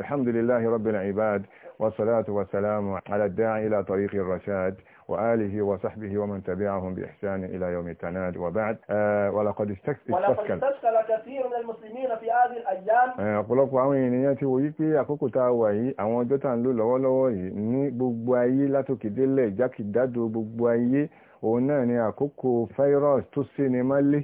الحمد لله رب العباد والصلاة والسلام على الداعي إلى طريق الرشاد وآله وصحبه ومن تبعهم بإحسان إلى يوم التناد وبعد آه ولقد استشكل ولقد استشكل كثير من المسلمين في هذه الأيام ọ̀pọ̀lọpọ̀ àwọn ènìyàn ti wòye pé àkókò tá a wà yìí àwọn ọjọ́ tá à ń lò lọ́wọ́lọ́wọ́ yìí ní gbogbo ayé látòkè délẹ̀ jákèjádò gbogbo ayé òun náà ni àkókò fáírọ́ọ̀sì tó ṣe ni mọ́lé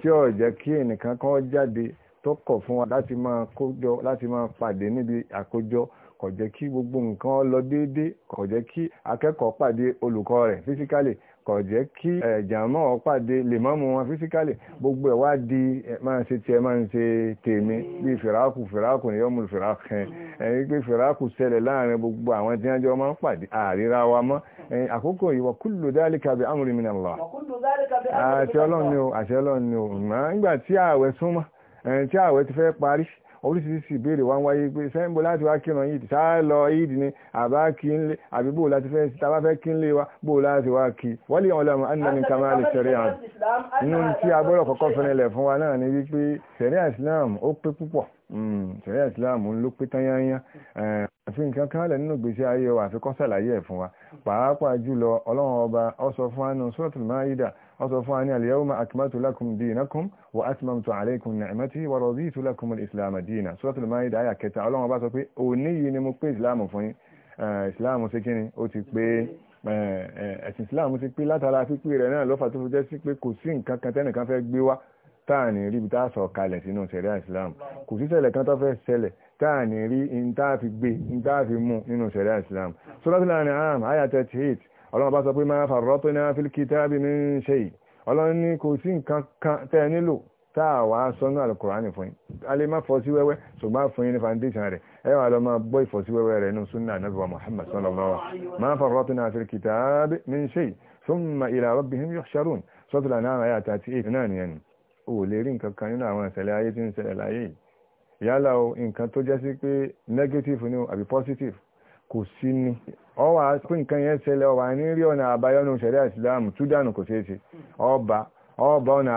tí ó jẹ́ kí ẹnìkan kan jáde tó kọ̀ fún wa láti máa kójọ láti máa pàdé níbi àkójọ kò jẹ́ kí gbogbo nǹkan lọ déédéé kò jẹ́ kí akẹ́kọ̀ọ́ pàdé olùkọ́ rẹ̀ físíkálì kò jẹ́ kí ẹ̀jàmọ́ pàdé lèmọ́mù wọn físíkálì gbogbo ẹ̀ wá di máa ṣe tiẹ̀ máa ń ṣe tèmi bí fìràkù fìràkù ni yọ́mù fìràkù ẹ̀yìn pé fìràkù ṣẹlẹ̀ láàrin gbogbo àwọn tí wọ́n jọ máa ń pàdé àríra wa mọ́ àkókò ìwọ̀ kúlù dálíkà bí amúrin mi nà lọ àṣẹ ọlọ́run ni o àṣẹ ọlọ́run ni o nígbà tí ààwẹ̀ súnmọ́ ẹ̀yìn tí ààwẹ̀ ti fẹ́ parí oríṣiríṣi ìbéèrè wá ń wáyé pé sẹ́ńbó láti wá kírun yìí sá lọ yìí ni àbá kí ń lé àbí bó láti fẹ́ sí tábá fẹ́ kí ń lé wa bó láti wá kí wọ́n lè wọn lọ́mọ anani kamali sẹ̀ríà nínú tí agbọ́dọ̀ kọ́kọ́ fẹ́rẹ̀lẹ̀ fún wa náà ni wípé sẹ̀ríà Islam ó pé púpọ̀ hmm, sẹ̀ríà Islam ló pé tán yányá àfi nǹkan kan lẹ̀ nínú gbèsè ayé wa àfikọ́ sàlàyé ẹ̀ fún wa pàápàá jùlọ ọlọ́run ọba ó sọ ọsọ fún àní al-yawma akmaltu lakum dinakum wa atmamtu alaykum ni'mati wa raditu lakum al-islam dina suratul maida àyà kẹta ọlọ́run bá sọ pé òní yìí ni mo pé islam fún yín eh, islam eh, eh, ẹ̀sìn islam ti pé látara pípé rẹ̀ náà lọ́fà tó fi jẹ́ sí pé kò sí nǹkan kan tẹ́nìkan fẹ́ gbé wá táà ní rí ibi tá a sọ kalẹ̀ sínú sẹ̀ríà islam kò sí ṣẹlẹ̀ kan tó fẹ́ ṣẹlẹ̀ táà ní rí in tá a fi gbé in tá a fi mú nínú sẹ̀ríà islam suratul an'am àyà 38 ọlọ́run bá sọ pé máa farratna fil kitabi min shay ọlọ́run ní kò sí nǹkan kan tẹ́ ẹ nílò tá a wá sọ́nà alukurani fún yín a lè má fọ́ sí wẹ́wẹ́ ṣùgbọ́n fún yín ní foundation rẹ̀ ẹ wà lọ máa bọ́ ìfọ́ sí wẹ́wẹ́ rẹ̀ nínú sunna anabi wa muhammad sallallahu alaihi wa ma farratna fil kitabi min shay thumma ila rabbihim yuhsharun suratul an'am àyà àti èyí náà nìyẹn ni o lè rí nǹkan kan nínú àwọn ìṣẹ̀lẹ̀ ayé tí ń ṣẹlẹ̀ láyé yìí yálà o nǹkan tó jẹ́ sí pé negative ni o àbí positive kò sí ni ọwà pé nǹkan yẹn ṣẹlẹ̀ ọwà ní ọ̀nà àbáyọ ní ṣẹ̀ríà ìsìláàmù túdánù kò ṣeé ṣe ọba ọba ọ̀nà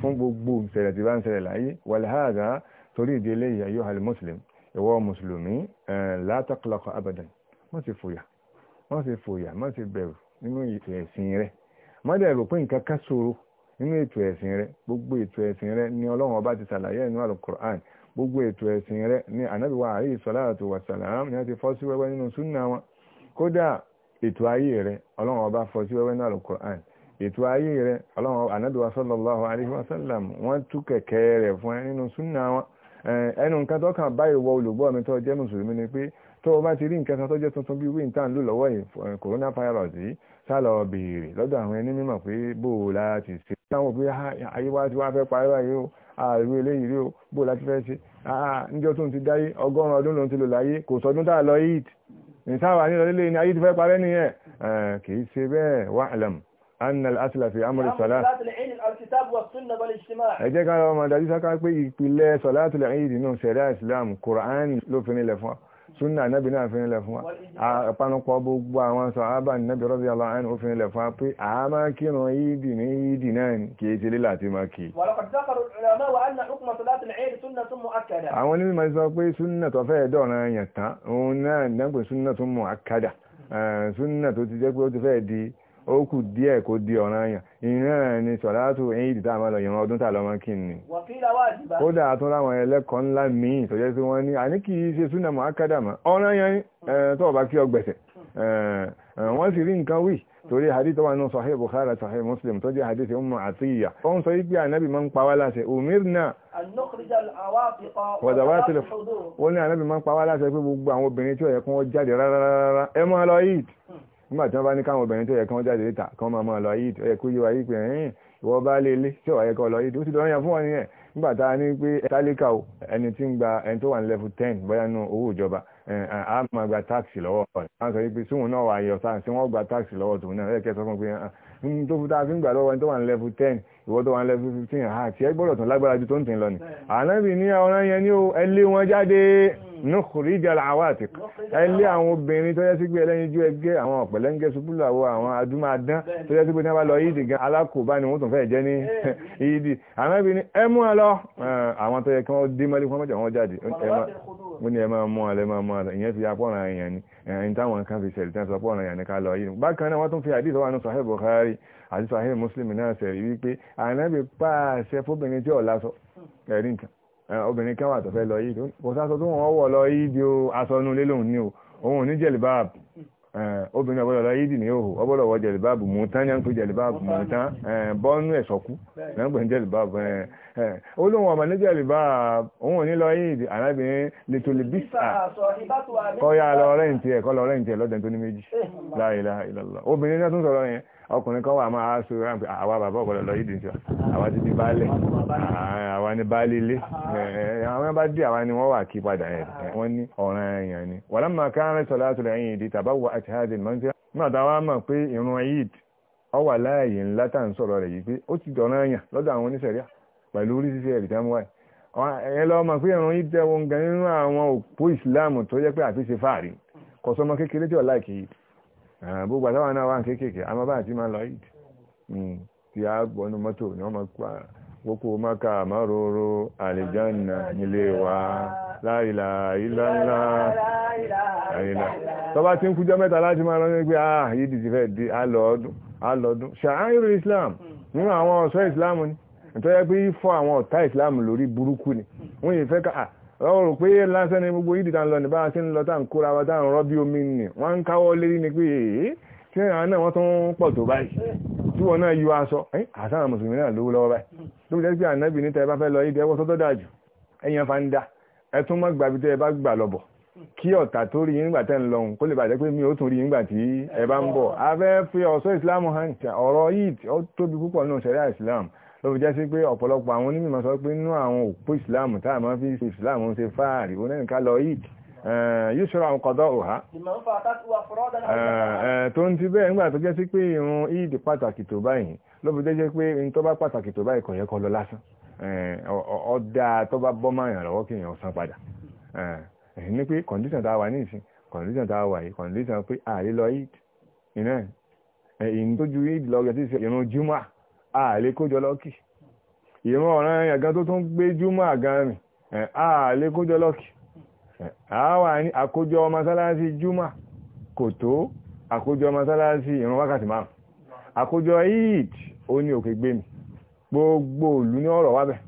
fún gbogbo ìṣẹ̀lẹ̀ tí bá ń ṣẹlẹ̀ láyé torí ìdílé ìyàyò ìwọ abadan ṣe fòyà má ṣe fòyà má ṣe bẹ̀rù nínú ètò gbogbo ètò ẹ̀sìn rẹ ni ọlọ́run ọba ti ṣàlàyé ẹ̀nú gbogbo ètò ẹ̀sìn rẹ ní ànábì wa alayhi salatu wa salam ní a ti fọ́ sí wẹ́wẹ́ nínú súnà wọn kódà ètò ayé rẹ ọlọ́run ọba fọ́ sí wẹ́wẹ́ náà al-Qur'an ètò ayé rẹ ọlọ́run ànábì wa sallallahu alayhi wa sallam wọ́n tú kẹ̀kẹ́ rẹ̀ fún ẹ nínú súnà wọn ẹnu nǹkan tó kàn báyìí wọ olùgbọ́ mi tó jẹ́ mùsùlùmí ni pé tó o bá ti rí nǹkan tó jẹ́ tuntun bí wíńtà ń lò lọ́wọ́ yìí eh, coronavirus yìí sálọ béèrè lọ́dọ̀ àwọn ẹni mímọ̀ pé bó láti ṣe. táwọn òbí ayé wa ti wá fẹ́ parí báyìí o àìwé ah, eléyìí rí o bó láti fẹ́ ṣe ah, níjọ́ tó ń ti dáyé ọgọ́rùn-ún ọdún ló ń ti lò láyé kò sọdún tá a lọ yìí nìsáwà nílò lílé ní ayé ti fẹ́ parẹ́ nìyẹn eh, kì í ṣe bẹ́ẹ̀ wa'lam anna al-asla fi sọlá ẹ jẹ́ ká lọ́wọ́ máa dájú sáká pé ìpìlẹ̀ sọlá tilẹ̀ ayé nínú sẹ̀ríà islam kùránì ló fi nílẹ̀ fún wa súnà ànábì náà fi nílẹ̀ fún wa àpanupọ̀ gbogbo àwọn sọ ábà nẹ́bì rọ́bì aláàánú ó fi nílẹ̀ fún wa pé a máa kírun yídì ní yídì náà kì í ti lílà tí máa kì àwọn onímọ̀ sọ pé súnà tó fẹ́ dọ̀ràn yẹn tán òun náà dẹ́pẹ̀ súnà tó mọ̀ akádà súnà tó ti jẹ́ pé ó ti fẹ́ di ó kù díẹ̀ kó di ọ̀ràn yàn ìran ni sọ̀látù ẹ̀yìn ìdìtà àmàlọ̀ ìran ọdún tà lọ́mọ kí ni ó dà tún láwọn ẹlẹ́kọ̀ọ́ ńlá míì tó jẹ́ sí wọ́n ní àní kì í ṣe súnà mọ́ákádàmà ọ̀ràn yẹn tó bá kí ọgbẹ̀sẹ̀ wọ́n sì rí nǹkan wí torí hadith wà nínú sahih bukhari sahih muslim tó jẹ́ hadith ummu atiyya ó ń sọ wípé ànábì máa ń pa wá láṣẹ umirna wọ̀dàwátì wọ́n ní ànábì máa ń pa wá láṣẹ pé gbogbo àwọn obìnrin tí ó yẹ kún ó jáde rárá ẹ máa lọ yìí nígbà tí wọ́n bá ní káwọn obìnrin tó yẹ kí wọ́n jáde níta kí wọ́n máa máa lọ ayé tó yẹ kó yé wa yìí pé ẹ̀yìn ìwọ bá lé ilé tí ò wáyé kọ́ lọ yìí ó ti lọ́ọ́ fún wọn nìyẹn nígbà tá a ní pé tálíkà o ẹni tí ń gba ẹni tó wà ní level ten bóyá nínú owó ìjọba a máa gba táàkì lọ́wọ́ rẹ̀ wọ́n sọ pé sóhun náà wà yọ sáà sí wọ́n gba táàkì lọ́wọ́ tòun náà ẹ̀ kẹ́ sọ fún pé ní tó fi tá a fi ń gbà lọ́wọ́ ẹni tó wà ní level ten ìwọ tó wà ní level fifteen àá tiẹ̀ gbọ́dọ̀ tún lágbára ju tó ń tì lọ ni ànábì ní ọ̀ràn yẹn ní o ẹ lé wọn jáde hmm. nukhrij al-awatik ẹlé àwọn obìnrin tó yẹ sí pé ẹlẹ́yin jú ẹgbẹ́ àwọn ọ̀pẹ̀lẹ́ngẹ́ ṣubúláwọ́ àwọn adúmáadán tó yẹ sí pé ní wọ́n bá lọ yídì gan alákòóbá ni wọ́n tún fẹ́ jẹ́ ní yídì àmọ́bí ni ẹ mú ọ lọ àwọn tó yẹ kí wọ́n dé mọ́lé fún ọmọdé àwọn jáde ẹ máa mú ọ lẹ máa mú ọ ìyẹn fi apọ́nra èèyàn ni ẹ̀yìn eh, táwọn kan fi ṣẹ̀rí tán sọ pé ọ̀nà yàn ní ká lọ yìí bákan náà wọ́n tún fi àdìsọ́ wa ní sọ̀hẹ́ Bukhari àti sọ̀hẹ́ Muslim náà ṣẹ̀rí wípé ànábì pàṣẹ fóbìnrin tí ọ̀la sọ ẹ̀rí nǹkan eh, obìnrin kan wà tó fẹ́ lọ yìí kò sásọ tó wọ́n wọ̀ lọ yìí di o aṣọ inú lé lòun ní o òun ò ní jẹ̀lì báàbù Eh, obìnrin ọgbọ́dọ̀ lọ yídì ní òhò ọgbọ́dọ̀ wọ jẹ̀lìbáàbù mú tán yá ń pè jẹ̀lìbáàbù mú tán bọ́ọ̀nù ẹ̀sọ́kú náà ń pè jẹ̀lìbáàbù olóhùn eh, eh, ọmọ ní jẹ̀lìbáàbù òun ò ní lọ yídì arábìnrin lítòlì bísà kọ́ yá lọ rẹ́ǹtì ẹ̀ kọ́ lọ rẹ́ǹtì ẹ̀ lọ́dẹ̀ tó ní méjì láìláìlọ́lọ́ obìnrin náà tún sọ̀rọ̀ yẹn ọkùnrin kan wà máa so ráńpẹ́ ah, àwa bàbá ọ̀pọ̀lọ̀ lọ yìí dìjọ àwa ti di baálẹ̀ ah, àwa ni baálé ilé eh, àwọn bá dé àwa ni wọ́n wà kí padà ẹ̀ eh, wọ́n ní ọ̀ràn èèyàn ni wọ́n lọ́mọ káàrin sọ̀lá àtúlẹ̀ ẹ̀yìn ìdí tàbá wọ àti hajj mọ́ńtí náà táwa mọ̀ pé ìrun eid ọ wà láàyè ńlá tá à ń sọ̀rọ̀ rẹ̀ yìí pé ó ti dọ̀ràn èèyàn lọ́dọ̀ àwọn oníṣẹ̀ríà pẹ̀lú orí ṣíṣe ẹ̀rí tá ẹ̀yẹn lọ́wọ́ mọ̀ pé ìrun yìí tẹ́wọ́ gan nínú àwọn òpó ìsìláàmù tó yẹ pé àti ṣe fáàrí kọ̀sọ́mọ kékeré tí ọ̀la ìkẹyìí gbogbo àtàwọn náà wà kéékèèké àmọ́ bá àti máa lọ ìdí tí a gbọ́nú mọ́tò ní ọmọ pa gbogbo maka márùrù àlìjánà nílé wa láìlà ilá ńlá àìlà tọ́bá tí ń kújọ mẹ́ta láti máa rán pé ah yìí ti fẹ́ di alọ́ọdún ṣàáyírò islam nínú àwọn ọ̀ṣọ́ islam ni nítorí pé fọ́ àwọn ọ̀tá islam lórí burúkú ni wọ́n yìí fẹ́ ká ah, wọ́n rò pé lásán ni gbogbo yìí dìtàn lọ nípa àti ńlọ tá à ń kóra wa tá à ń rọ́bí omi nì wọ́n ń káwọ́ lérí ni pé èyí tí àwọn náà wọ́n tún pọ̀ tó báyìí tí wọ́n náà yọ aṣọ àtàwọn mùsùlùmí náà lówó lọ́wọ́ báyìí tó jẹ́ pé ànábì níta ẹ bá fẹ́ lọ yìí dẹ́wọ́ sọ́tọ́ dàjù ẹ̀yàn fa ń da ẹ tún mọ́ gbàbí tẹ́ ẹ bá gbà lọ́bọ̀ kí ọ̀tà tó rí yín gbà tẹ́ ń lọ́hùn kó lè bàjẹ́ pé mi ò tún rí yín gbà tí ẹ bá ń bọ̀ a fẹ́ fi ọ̀ṣọ́ ìsìlámù hàn ọ̀rọ̀ yìí ó tóbi púpọ̀ nínú ṣẹ̀ríà ìsìlámù ló fi jẹ́ sí pé ọ̀pọ̀lọpọ̀ àwọn onímọ̀ sọ pé nínú àwọn òpó ìsìláàmù táà máa fi ṣe ìsìláàmù ṣe fáàrí ó nẹ́nìká lọ yìí yóò ṣọ́ra àwọn kọ̀dọ̀ òhá tó ń ti bẹ́ẹ̀ nígbà tó jẹ́ sí pé irun ìdí pàtàkì tó báyìí ló fi jẹ́ pé irun tó bá pàtàkì tó báyìí kò yẹ kó lọ lásán eh, ọ̀dà tó bá bọ́ máa yàn kí èèyàn san padà eh, eh, ní pé kọ̀ǹdíṣàn tá a wà ní ìsìn tá a wà yìí kọ̀ǹdíṣàn pé ààrẹ ìdí ìnáà tó ju ìdí lọ́gẹ̀ sí jùmọ̀ àlè kójọ lọ́kì ìmọ̀ ọ̀ràn ẹ̀yàn gan tó tún gbé júmọ́ àgan rìn àlè kójọ lọ́kì àwa ní àkójọ mọ́sálásí júmọ́ kò tó àkójọ mọ́sálásí ìrun wákàtí márùn àkójọ eid ó ní òkè gbé mi gbogbo ìlú ní ọ̀rọ̀ wábẹ̀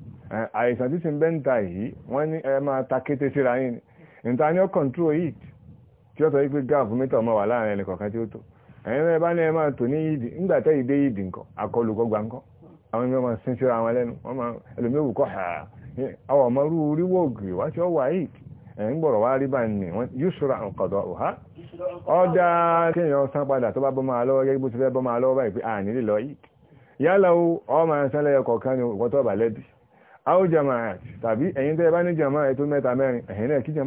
àìsàn tí ti ń bẹ́ ń ta yìí wọ́n ní ẹ máa ta kété síra yìí níta ní ó control eid tí ó sọ wípé gáàfù mítà ọmọ wà láàrin ẹnìkọ̀ọ̀kan tí ó tó ẹ̀yìn ẹ̀ bá ní ẹ máa tò ní yìdì ńgbà tẹ́ ìdé yìdì nǹkan akọlù gbọgbà nǹkan àwọn ẹgbẹ́ máa sin síra wọn wọ́n máa kọ́ ha àwọn ọmọ rú orí wá tí ó wà yìí ẹ̀ ń gbọ̀rọ̀ wá rí yóò ṣọ́ra ọ̀há ọ̀dà kéèyàn san padà tó bá bọ́ máa lọ́wọ́ gẹ́gẹ́ bó ti fẹ́ bọ́ máa lọ́wọ́ báyìí pé àní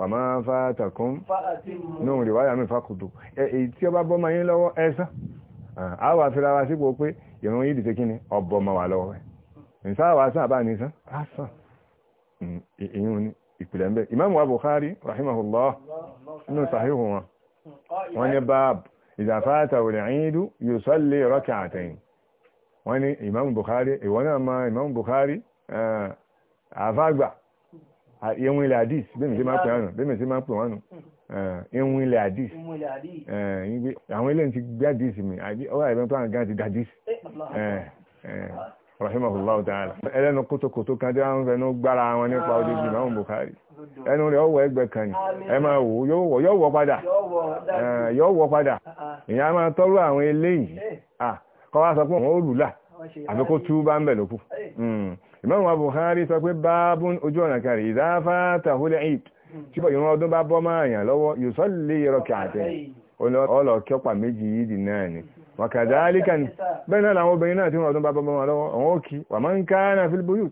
wà máa fa takun nínú ìwáyà mi fàkùtù tí ó bá bọ́ máa yín lọ́wọ́ ẹ̀sán àwọn àfihàn wa sípò pé ìrún yìí dìde kíni ọ̀bọ̀ máa wà lọ́wọ́ ẹ̀ nsáwà sàn àbá ní sàn àsàn hmm, ìyún ni ìpìlẹ̀ ń bẹ ìmáàmù wa Bukhari rahimahullah nínú sàhíhù wọn wọn ní báàbù ìdàfáàtà òlìrìndú ìwọ̀n ah, ilẹ̀ àdìs bẹ́ẹ̀ mi ṣe máa pè wọ́n nù bẹ́ẹ̀ mi ṣe máa pè wọ́n nù ìwọ̀n hmm. eh, ilẹ̀ àdìs eh, àwọn ilé ti gbé àdìs mi ọwọ́ àìbẹ́ tó àǹgá ti dàdìs eh, ta'ala ẹlẹ́nu kótókótó kan tí wọ́n gbára wọn nípa ọdún ìgbìmọ̀ àwọn ẹnu rẹ̀ ọwọ́ ẹgbẹ́ kan ni ẹ máa wò ó padà padà ah, ah. ìyá máa àwọn eléyìí kọ́ sọ pé lù Imam Bukhari sọ pé báábùn ojú ọ̀nà kẹrì ìdáfà tàhúlẹ̀ ìd tí ìrun ọdún bá bọ́ máa yàn lọ́wọ́ yusalli rak'atayn ọlọ́kẹ́pà méjì yìí dì náà ni wàkàdálíkà ní bẹ́ẹ̀ náà làwọn obìnrin náà tí wọ́n tún bá bọ́bọ́ wọn lọ́wọ́ àwọn òkì wà máa ń káánà fílbúyù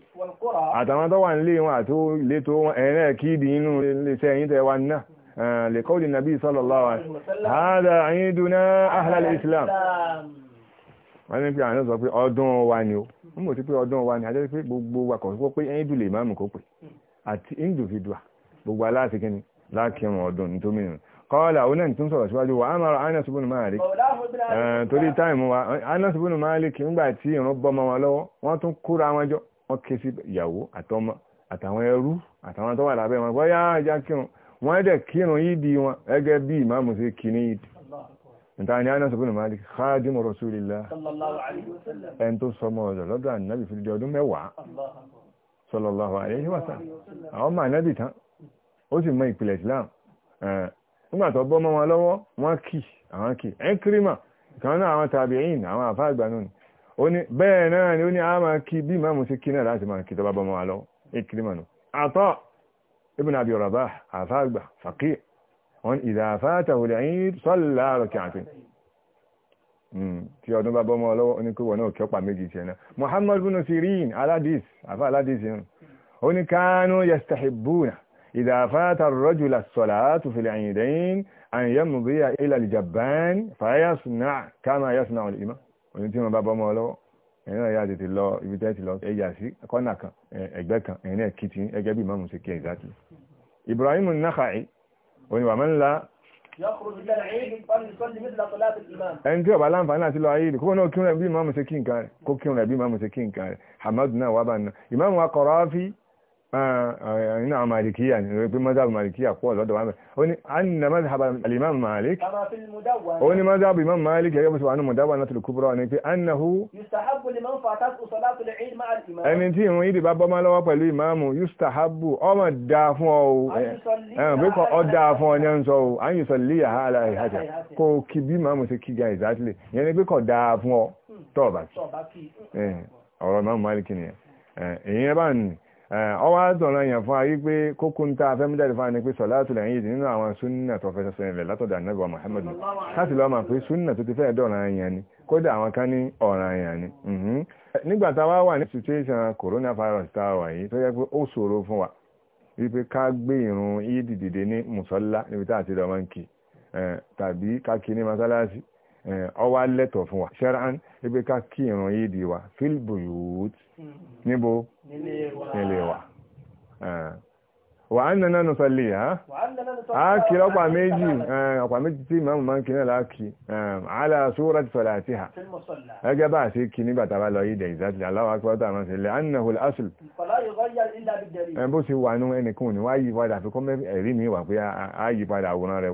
àtàwọn tó wà nílé wọn àti ìletò wọ́n ní pé àwọn sọ pé ọdún wa ni o wọ́n mọ̀ sí pé ọdún wa ni a jẹ́ pé gbogbo wa kọ̀ wọ́n pé ẹ̀yìn dùn lè máa mú kó pè àti individual gbogbo aláàtì kìíní lákìrún ọdún nítorí nìyẹn kọ́ọ̀lá òun náà tún sọ̀rọ̀ síwájú wa amára Anas ibn Malik torí táìmù wa Anas ibn Malik nígbà tí ìrún bọ́mọ wọn lọ́wọ́ wọ́n tún kóra wọn jọ wọ́n ké sí ìyàwó àtọmọ àtàwọn ẹrú àtàwọn tó wà lábẹ́ ìtàní Anas ibn Malik khadimu Rasulillah ẹn tó sọmọ ọ̀dọ̀ lọ́dọ̀ ànábì fi di ọdún mẹ́wàá sallallahu alaihi wa sallam àwọn ọmọ ànábì tán ó sì mọ ìpìlẹ̀ Islam nígbà tó bọ́ mọ́ wọn lọ́wọ́ wọ́n kì àwọn kì Ikrima kan náà àwọn tabi'in àwọn àfáàgbà náà ni ó ní bẹ́ẹ̀ náà ni ó ní a máa kí bí wọ́n ìdá fàtàwò lẹ́yìn sọ́lá rọ̀kàtì tí ọdún bá bọ́mọ ọlọ́wọ́ oníkówọ̀ náà kí ọpa méjì tiẹ̀ náà Muhammad bin Sirin aladis afa aladis yẹn ó ní kánú yastahibuna ìdá fàtà rọ́jùlá sọ́lá tó fi lẹ́yìn dẹ́yìn àyẹ̀mú bí i ilẹ̀ ìjàbán fàyàsùnà kánú àyàsùnà olùmọ̀ oní tí wọ́n bá bọ́mọ ọlọ́wọ́ ẹ̀yìn náà yá tètè lọ ibi tẹ́ ti lọ ẹ̀yà sí kọ́nà òní wà mẹ́ńlá ẹni tí ọba láǹfààní àti lọ ayé rẹ̀ kókó náà kírun ẹ̀bí ìmáàmù ṣe kí nǹkan rẹ̀ kó kírun ẹ̀bí ìmáàmù ṣe kí nǹkan rẹ̀ hamadu náà wà bá ń ná ìmáàmù akọ̀rọ̀ áfí nínú àwọn màlìkíyà ní orí pé mọ́sáàbù màlìkíyà pọ̀ lọ́dọ̀ wà mẹ́rin ó ní anna mazhab al-imam malik ó ní mọ́sáàbù imam malik yẹ́ bọ́sọ̀ wánú mọ̀dáwà náà tìlù kúbúrọ̀ ní pé annahu ẹni tí ìrun ìdí bá bọ́mọ́ lọ́wọ́ pẹ̀lú ìmáàmù yustahabu ọmọ dá fún ọ pẹ́kọ̀ ọ dá fún ọ ní ọ̀nsọ́ o an yusalliya ala ìhájà kó kí bí ìmáàmù sí kíga exactly yẹn ni pẹ́kọ̀ dá fún ọ hmm. tọ́ọ̀bà ọ̀rọ̀ ìmáàmù malik nìyẹn èyí ẹ bá nìyẹn ọwọ́ eh, àdọ̀rọ̀ èèyàn fún ayé pé kókó ń ta afẹ́mídàdì pé sọ̀látù lẹ́yìn ìdí nínú àwọn súnnà tó fẹsẹ̀ látọ̀dà nẹ́bà Muhammad láti lọ́ọ́ pé súnnà tó ti fẹ́ dọ̀rọ̀ èèyàn ni kódà àwọn kan ọ̀rọ̀ èèyàn ni mhm. nígbà wà a wà yìí tó yẹ pé ó ṣòro fún wa wípé ká gbé ìrun ní ọwá lẹ́tọ̀ fún wa ṣẹ́rán ibi ká kí ìran yìí di wa filbuyut níbo nílé wa wà á nana nù sọlẹ̀ yá á kí ọ̀pá méjì ọ̀pá méjì tí ìmáàmù máa ń kí náà láàkì àálà sóra ti sọ̀rọ̀ àti hà ẹgẹ́ bá àti kí nígbà tàbá lọ yìí dẹ̀ ìzáàtì aláwọ̀ akọ́tà àmọ́ sí anna hul asul bó ṣe wà nú ẹnìkan ò ní wá yí padà fi kọ́ ẹ̀rí mi wà pé á yí padà àwòrán rẹ̀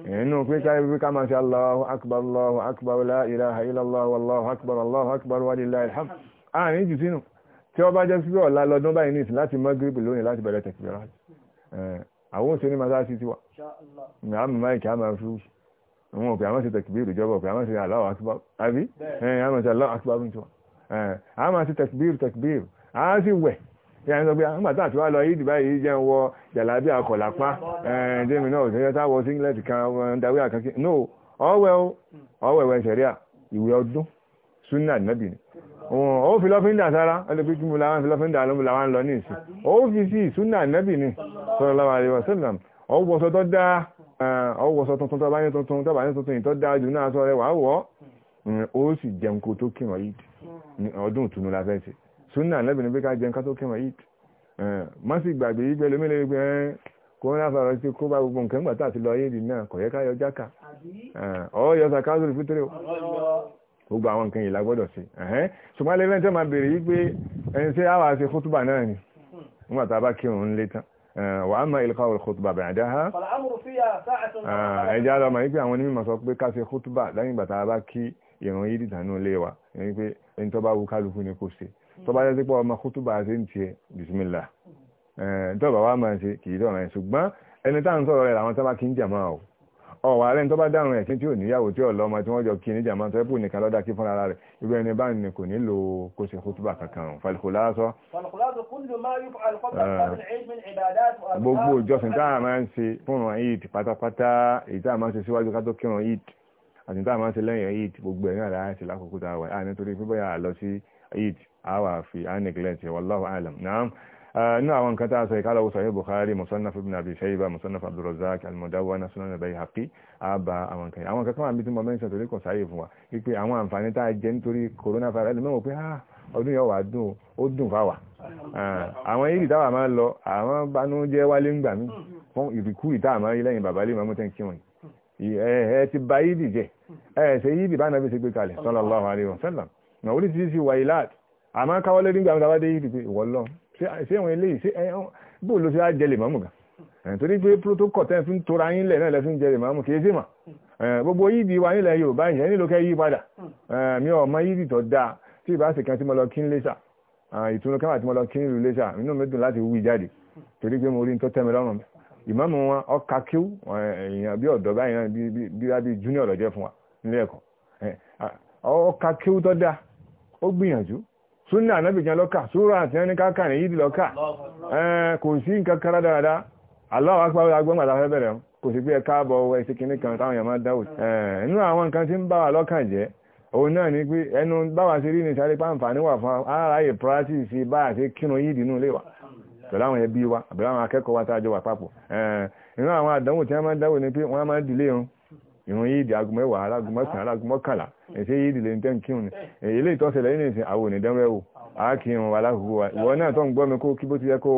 inú pé káyí pé ká máa ṣe Allahu akbar Allahu akbar la ilaha illallah wallahu akbar Allahu akbar walillahil hamd àárín jù sínú tí ó bá jẹ́ sí ọ̀la lọ́dún báyìí nìsín láti Maghrib lónìí láti bẹ̀rẹ̀ tẹ̀kìbẹ̀rẹ̀ láti àwọn òṣèré masáàsì ti wà àmì máìkì àmà fúrú wọn ò pè àmọ́ sí tẹ̀kìbẹ̀rẹ̀ ìjọba pè àmọ́ sí Allahu akbar àbí àmọ́ sí Allahu akbar ń tiwa àmọ́ sí tẹ̀kìbẹ̀rẹ̀ tẹ̀kìbẹ̀rẹ̀ àá sì wẹ̀ tí a ń sọ pé ah, nígbà tá àti wá lọ yìí dìbà yìí jẹ́ wọ jàlábí akọ̀lápá ẹ̀ẹ́dẹ́mi náà òṣèré táwọ singlet kan dáwé àkànkí no ọ̀wẹ́ ọ̀wẹ́wẹ́ sẹ̀ríà ìwé ọdún sunna nàbì ni ó fi lọ́fíńdà sára ẹlẹ́bí tí mo làwọn fi lọ́fíńdà lọ́mú làwọn lọ ní ìsìn ó fi sí sunna nàbì ni sallallahu alaihi wasallam ọwọ́sọ tó dáa ọwọ́sọ tuntun tó bá ní tuntun tó bá ní tuntun ìtọ́ dáa jù náà sọ rẹ wàá wọ̀ ó sì jẹun kó tó kírun yìí ọdún ìtùnú la fẹ́ ṣe súnà lẹ́bìnrin pé ká jẹun ká tó kẹwàá yìí má sì gbàgbé yìí pẹ̀lú mílẹ̀ pé kòrónà fàrọ̀ sí kó bá gbogbo nǹkan ń gbàtà àti lọ ayé ìdìnnà kò yẹ ká yọ jáka ọ̀ọ́yọ sàkáàsì fútúrì gbogbo àwọn nǹkan yìí lágbọ́dọ̀ sí ṣùgbọ́n lẹ́yìn tẹ́ máa bèèrè yìí pé ẹni tí a wà ṣe kútùbà náà ni nígbà tá a bá kírun lé tán wà á máa ilkọ́ olùkútùbà bẹ̀rẹ̀dá ha ẹjá lọ́mọ yìí pé àwọn onímọ̀ sọ pé ká ṣe kútùbà lẹ́yìn ìgbà tá a bá kí ìrun yìí dìtànú lé wa ẹni pé ẹni tó bá wù kálukú ni kò ṣe tó bá jẹ́ sí pé ọmọ kútùbà ṣe ń tiẹ̀ bisimilá tó bá wà máa ṣe kì í dọ̀rọ̀ ẹ̀ ṣùgbọ́n ẹni tá à ń sọ̀rọ̀ rẹ̀ làwọn sábà kí ń jàmá o ọ̀wà rẹ̀ tó bá dárun ẹ̀kí tí ò níyàwó tí ọ̀lọ́ ọmọ tí wọ́n jọ kí ní jàmá tó ẹ̀pù nìkan lọ́dá kí fúnra rẹ̀ irú ẹni bá ní kò nílò kó ṣe kútùbà kankan o fàlùkùlásọ. gbogbo ìjọsìn tá a máa ń ṣe fún ọ̀ràn yìí pátápátá èyí tá a máa ń ṣe síwájú ká tó kírun yìí àti tá a máa ń ṣe lẹ́yìn yìí gbogbo ẹ̀ náà láti lákòókò tá a wà á nítorí pé bóyá àlọ́ sí eid awa fi a neglect wallahu alam na'am inú àwọn nǹkan tá a sọ ìkálọ̀ wọ́sọ̀ yìí bukhari musannaf ibn abi shayba musannaf abdulrazak almudawana sunan al-bayhaqi àbá àwọn nǹkan àwọn nǹkan kan wà níbi tí mo mẹ́rin sọ̀tọ̀ lẹ́kọ̀ọ́ sáyé fún wa wípé àwọn àǹfààní tá a jẹ nítorí coronavirus mẹ́wọ̀n pé ọdún yóò wà dùn ó dùn fáwà àwọn yìí táwà máa lọ àwọn banújẹ́ wálé ń gbà mí fún ìrìkú ìta àmọ́ ilé yìí bàbá lè máa mú tẹ́ǹkì wọn ẹ ti ba yìí dìjẹ ẹ ṣe yìí dìbà náà fi ṣe gbé kalẹ̀ sallallahu alaihi wasallam nà oríṣiríṣi wàhálà àmọ́ káwọ́ lórí nígbà tá a bá dé yìí pé ìwọ lọ ṣé àwọn eléyìí ṣé bó ló ṣe á jẹ lè mọ́mù gan torí pé protocol tẹ́ fi ń tora yín lẹ̀ náà lẹ́ fi ń jẹ lè mọ́mù kì í sì mà gbogbo yìí di wa nílẹ̀ Yorùbá yìí nílò kẹ́ yí padà mi ò mọ yìí tó dáa tí ìbá sì kan tí mo lọ kí ń lẹ́sà ìtùnú káwà tí mo lọ kí ń lu lẹ́sà inú mi dùn láti wí jáde torí pé mo rí tó tẹ́ lọ́rùn mi ìmáàmù wọn ọkà kíw èèyàn bí ọ̀dọ́ báyìí náà bí bí junior lọ́jọ́ fún wa nílé ẹ̀kọ́ ọkà kíw tó dáa ó gbìyànjú súnà anábìjan lọ́kà súnà àti ẹni káàkà ní yídì lọ́kà kò sí nǹkan kára dáadáa aláwọ̀ apáwọ̀ agbọ́ngbà láfẹ́ bẹ̀rẹ̀ kò sí pé ẹka kaabo owa ẹsẹ̀ kìíní kan táwọn yàmá dáwò inú àwọn nǹkan tí ń bá wa lọ́kàn jẹ́ òun náà ni pé ẹnu báwa sí rí ní sáré pàǹfààní wà fún aráyè practice bá kírun wa wa tá a jọ wà papọ̀ inú àwọn àdánwò tí ìrún yìí di agun mẹ́wàá alágun mọ́kànlá alágun mọ́kànlá hmm. ẹ̀ṣẹ́ yìí di lè ń tẹ́ ń kírun ni ilé ìtọ́sẹ̀lẹ̀ yìí nìsín àwọn onídẹ́rẹ́ o àákìrun wà láhùhù wa ìwọ náà tó ń gbọ́ mi kó kí bó ti yẹ kó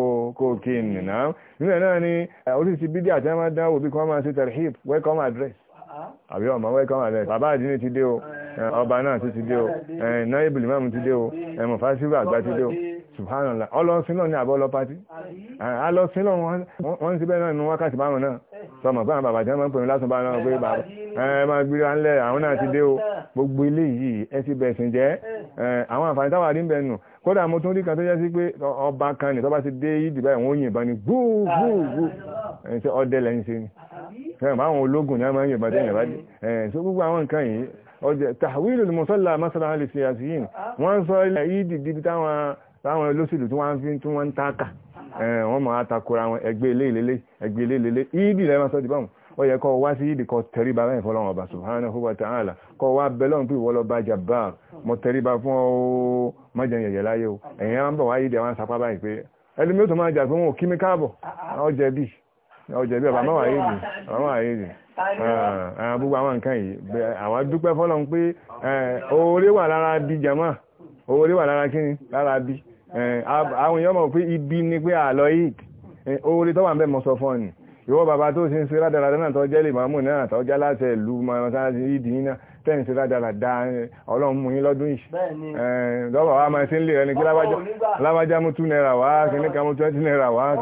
kí n nìna nílẹ̀ náà ni oríṣi bídí àti ẹ̀ máa dán wò bí kí wọ́n máa ṣe tarhib welcome address àbí ọmọ welcome address bàbá àdínní ti dé o ọba náà ti dé o náíbù limamu ti dé o mufasiru àgbà ti dé o subhanallah ọlọ́sìn náà ni àbọ̀ ọlọ́pàá ti alọ́sìn náà wọ́n ń síbẹ̀ náà nínú wákàtí márùn náà sọmọ fún àwọn bàbá tí wọ́n máa ń pè mí lásán bá náà pé bàbá ẹ máa gbé wa ńlẹ̀ àwọn náà ti dé o gbogbo ilé yìí ẹ ti bẹ̀sìn jẹ́ àwọn àǹfààní táwọn àrí ń bẹ̀ nù kódà mo tún rí kan tó yẹ sí pé ọba kan ní tó bá ti dé yìí dìbà ìwọ̀n òyìnbọn ni gbúgbúgbú ẹ̀ ṣe ọdẹ lẹ́yìn ṣe ni fẹ́ràn báwọn ológun ní a máa ń yìnbọn tẹ́yìn ìbádìí ẹ̀ ṣó gbogbo àwọn nǹkan yìí ọjọ́ tàwílù mọ́sálà mọ́sálà alẹ́ sí àṣìyìn wọ́n sọ ilẹ̀ yìí dìbí táwọn olóṣèlú tí wọ́n fi ń wọ́n ń táàkà Eh, wọ́n máa takora wọn ẹgbẹ́ ilé ìlélẹ́ ẹgbẹ́ ilé ìlélẹ́ ìdí lẹ́yìn sọ́ọ́ dìbọn ó yẹ kọ́ wá sí ìdí kọ́ tẹríba báyìí fọlọ́run ọba subhanahu wa ta'ala kọ́ wá bẹ́lọ́n pé ìwọ lọ bá jabbar mo tẹríba fún ọ májẹ yẹ̀yẹ̀ láyé o ẹ̀yìn á ń bọ̀ wáyé ìdí àwọn sapá báyìí pé ẹlẹ́mi ó tó máa jà pé wọn ò kí mi káàbọ̀ ọjẹ́ bíi ọjẹ́ bíi ọba máa wáyé ìdí ọba máa wáyé ìdí eh, eh, gbogbo àwọn nǹkan yìí àwọn dúpẹ́ fọlọ́run pé oore wà lára bí jama oore wà lára kíni lára bí Eh, àwọn èèyàn mọ̀ pé ibi ni pé àlọ́ id eh, oore tó wà ń bẹ́ mọ́ sọ fún ọ ni ìwọ bàbá tó ṣe ń ṣe rádaràdá náà tó jẹ́ lè máa mú náà tó já láti ẹ̀lú mọ́sánsí wa máa ṣe ń lè rẹni kí lábájá mú two naira wá kìíní kan mú twenty naira wá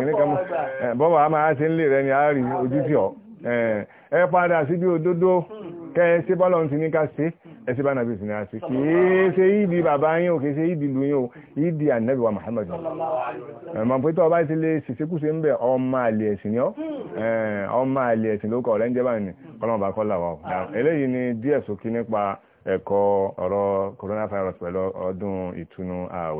eh, padà síbi òdodo hmm. kẹ́ ẹ ṣe ti ní ká ṣe ẹsẹ̀ bá nàbí sinmi àti kìí ṣe ìdí bàbá yín o kìí ṣe ìdí lóyún o ìdí ànábìwá Muhammad ẹ̀mọ̀ pé tọ́ ọba ti lè ṣìṣekúṣe ń bẹ̀ ọmọ àlè ẹ̀sìn yọ́ hmm. ọmọ àlè ẹ̀sìn ló kọ̀ ọ̀lẹ́ńjẹ́ bá ní kọ́lọ́mọba